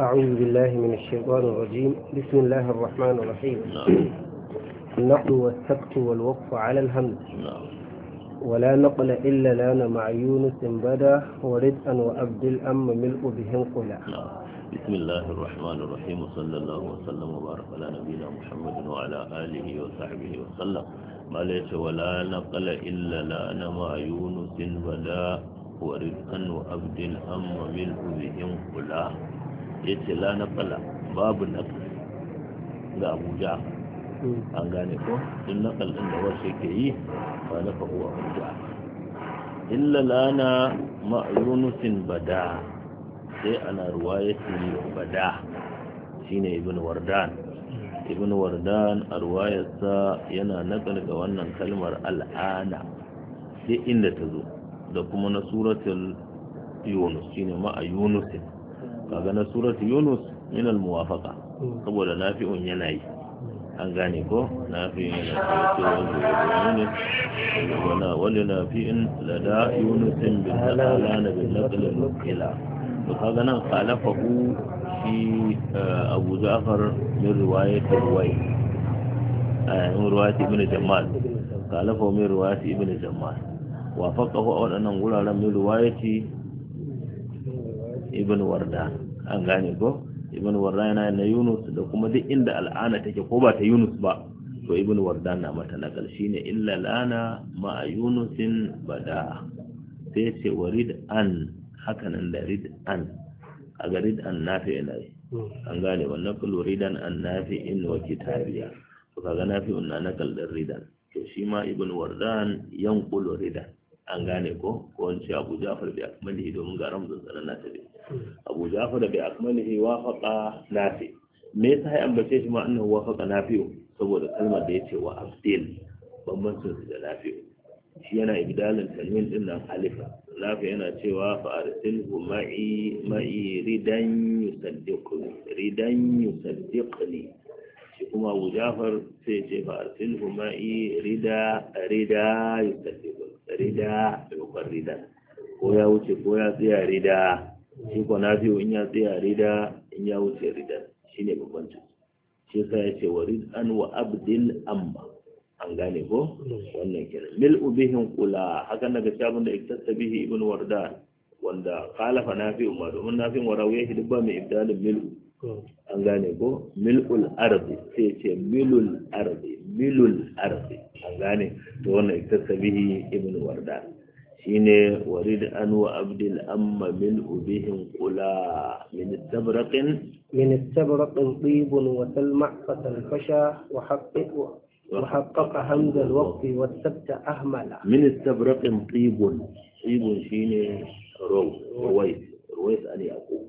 أعوذ بالله من الشيطان الرجيم بسم الله الرحمن الرحيم نعم. النقل والسكت والوقف على الهمز نعم. ولا نقل إلا لنا مع يونس بدا وردءا وأبد الأم ملء بهم نعم. قلا بسم الله الرحمن الرحيم وصلى الله وسلم وبارك على نبينا محمد وعلى آله وصحبه وسلم ما ليس ولا نقل إلا لنا مع يونس بدا ورزقا وأبد الأم ملء بهم قلا faɗa ya ce la na babu na ga abuja hmm. an gane ko din na din da wasu yake yi ba na fahu abuja illa lana ma'ayyunusin bada sai ana ruwayatin bada shine ibn wardan ibn wardan a ruwayarsa yana ga wannan kalmar al'ana sai inda ta zo da kuma na suratul yunus shine ma'a yunusin kaga na suratu yunus min almuwafaqa saboda nafi'un yana yi an gane ko nafi'un yana yi wala wala nafi'in lada yunusin bin alana bin naql al-muqila to kaga nan khalafahu shi abu ja'far min riwayat ruwai min riwayat ibn jamal khalafahu min riwayat ibn jamal wafaqahu a waɗannan wuraren min riwayati ibn warda an gane ko ibn warda yana na yunus da kuma duk inda al'ana take ko ba ta yunus ba to ibn warda na mata nakal shine illa lana ma yunusin bada sai ce warid an hakanan da rid an a ga rid an nafi ina an gane wannan kullu ridan an nafi in wa kitabiya to kaga nafi unna nakal da an to shi ma ibn wardan yanqulu ridan an gane ko ko abuja abu jafar bi domin ga ramzan sanan na tabi abu jafar bi akmalihi wafaqa nafi me yasa ya ambace shi ma annahu wafaqa nafi saboda kalmar da yace wa afdil bambancin su da nafi shi yana ibdalin tanwin din nan alifa nafi yana cewa fa arsil ma'i ma'i ridan yusaddiqni ridan yusaddiqni shi kuma abu jafar sai ce fa arsil ma'i rida rida yusaddiqni rida ko ridan ko ya wuce ko ya tsaya rida shi ko nafi'u in ya tsaya rida in ya wuce rida ne babban cin shi sa ya ce wa rid'an wa abdil amma an gane ko wannan kenan mil bihin kula haka daga shafin da iktasta bihi ibn warda wanda na nafi'u ma domin nafi'u wa rawiyahi shi dubba mai ibdalin mil an gane ko mil ul arzi sai ce arzi mil ul arzi an gane to wannan iktasta bihi ibn warda shine warid an wa abdil amma min قلا من min tabraqin min طيب tibun wa salma وحقق fasha wa وحقق حمد الوقت والسبت أهملا من استبرق طيب طيب شيني رو رويس رويس أني أقول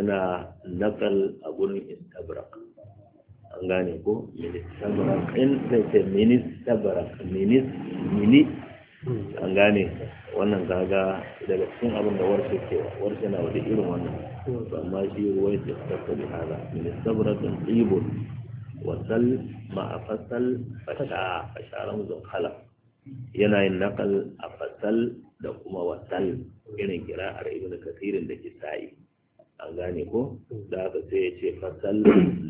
أنا نقل أقول استبرق أنغاني أقول من استبرق إن من استبرق من من an gane wannan gaga daga cikin abin da Warshe ke warsa na wata irin wannan to amma shi ruwai da ta kuli hada min sabratun ibun wa ma afasal fasha fasharan zun khala yana yin a fasal da kuma wasal irin kira a ibnu kasirin da ke sa'i an gane ko mm. da aka sai ya ce fasal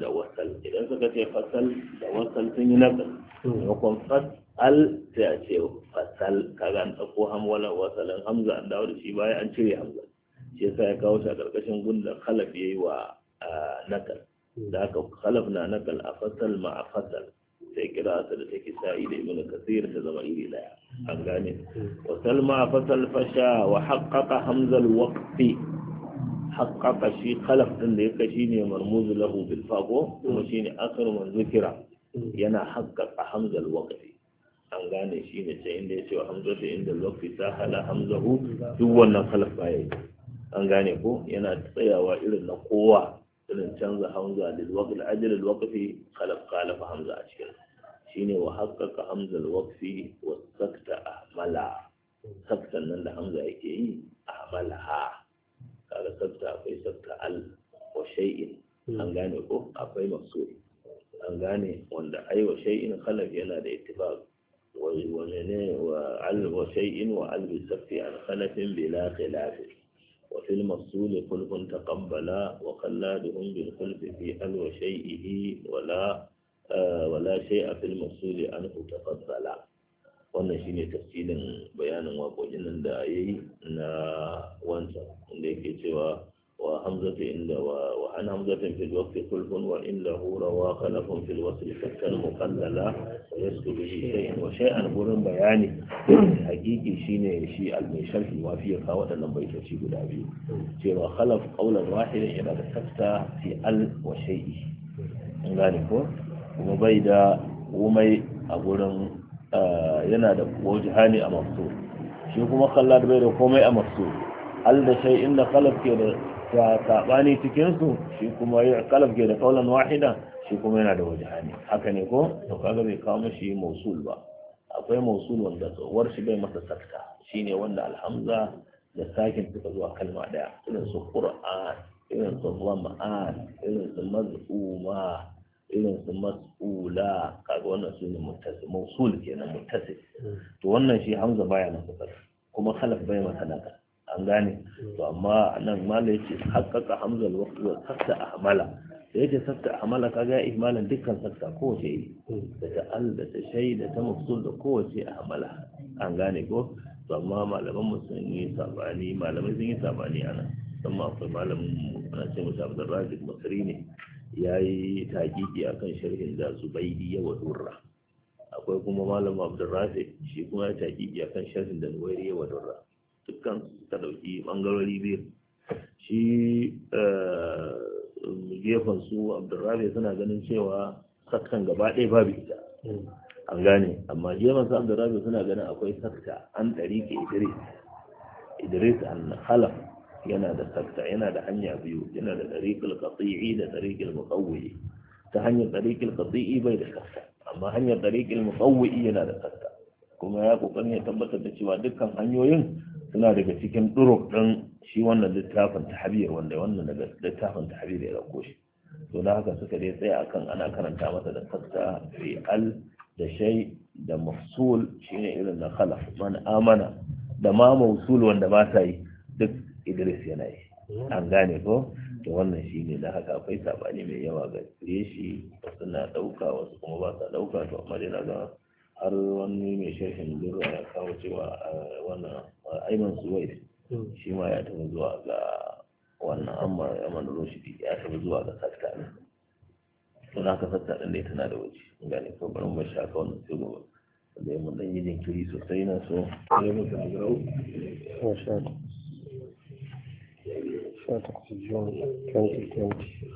da wasal idan suka ce fasal da wasal sun yi nakal mm. maimakon fasal sai a ce fasal kaga an ɗauko hamwala wasalin hamza an dawo da shi baya an cire hamza shi yasa ya kawo shi a ƙarƙashin gunda khalaf ya yi wa nakal mm. da aka khalaf na nakal a fasal ma a fasal sai kira ta da take sa'i da ibnu kasir ta zama iri daya an gane wasal ma a fasal fasha wa haqqaqa hamzal al haƙaƙa shi kalaf ɗin da ya kai shi ne marmuzu lahu bil fago kuma shi ne akar zikira yana haƙaƙa hamzal waƙafi an gane shi ne ta inda ya ce wa hamza da inda lokaci ta hala hamzahu duk wannan kalaf baya yi an gane ko yana tsayawa irin na kowa irin canza hamza lil waqfi ajril waqfi kalaf kalaf hamza a cikin Shi shine wa haƙaƙa hamzal waqfi wa sakta mala. saktan nan da hamza yake yi ahmala ha على سبت أقوي سبت أل وشيء أن غاني أو أقوي مقصود أن وأن أي وشيء خلف ينا الاتفاق وغني وعل وشيء وعل بسبت عن يعني خلف بلا خلاف وفي المصول خلف تقبلا وخلى بهم بالخلف في أل وشيئه ولا آه، ولا شيء في المصول أنه تقبلا wannan shine tafsirin bayanin waƙoƙin nan da ya yi na wancan inda yake cewa wa hamzatu inda wa an hamzatin fil waqti kulfun wa inda hura wa kalafun fil wasl fakkal muqallala wa yasdu bihi shay'an wa shay'an gurin bayani hakiki shine shi al-mishal fi wafiya ka wadannan baitoci guda biyu cewa khalaf qawlan wahidan ila tafta fi al wa shay'i an gane ko kuma bai da komai a gurin yana da wajihani a mafsu shi kuma khallad bai da komai a mafsu al da shai inda khalaf ke da sabani cikin su shi kuma ya khalaf ke da kaulan wahida shi kuma yana da wajihani haka ne ko to kaga bai kawo mashi mausul ba akwai mausul wanda tsohuwar shi bai masa sakta shine wanda alhamza da sakin suka zuwa kalma daya irin su qur'an irin su zama'an irin su maz'uma irin su mas'ula kaga wannan su ne mutasi mausul kenan mutasi hmm. to wannan shi hamza baya masa kada kuma khalaf bai masa an gane hmm. to amma nan mala yace haqqaqa hamza al-waqt wa sakta ahmala da yake sakta ahmala kaga ihmalan dukkan sakta kowace iri hmm. da ta al da ta shay da ta mafsul da kowace ahmala an gane ko to amma malaman mu sun yi sabani malamai sun yi sabani ana musamman akwai malamin mu ana ce masa da Masri ne ya yi taƙiƙi a kan sharhin da zubaidi yawa wadurra. akwai kuma malam abdurrafi shi kuma ya taƙiƙi a kan sharhin da nuwairi yawa wadurra. dukkan ta ɗauki ɓangarori biyu shi eh, gefen su abdurrafi suna ganin cewa sakkan gaba ɗaya babu ita an gane amma gefen su abdurrafi suna ganin akwai sakka an ɗari ke idris idris an halam. yana da sakta yana da hanya biyu yana da tariqul qati'i da tariqul mutawwi ta hanyar tariqul qati'i bai da sakta amma hanyar tariqul mutawwi yana da sakta kuma ya kokarin ya tabbatar da cewa dukkan hanyoyin suna daga cikin duruk din shi wannan littafin tahbir wanda wannan daga littafin tahbir ya dauko shi to da haka suka dai tsaya akan ana karanta masa da sakta fi al da shay da mafsul shine irin na khalaf man amana da ma mawsul wanda ba sa yi duk idris yana yi mm. an gane ko to wannan shi ne da haka akwai sabani mai yawa ga shi wasu na ɗauka wasu kuma ba sa ɗauka to amma dai na ga har wani mai sharhin lura ya kawo cewa eh, wannan eh, aiman suwait mm. shi ma ya tafi zuwa ga wannan amma yaman roshi ya tafi zuwa ga sakta ne na haka sakta ɗin ya tana da waje gane ko bari mu sha ka wannan sai gobe da mun ɗan yi jinkiri sosai na so ah. sai mu ga grau 2020.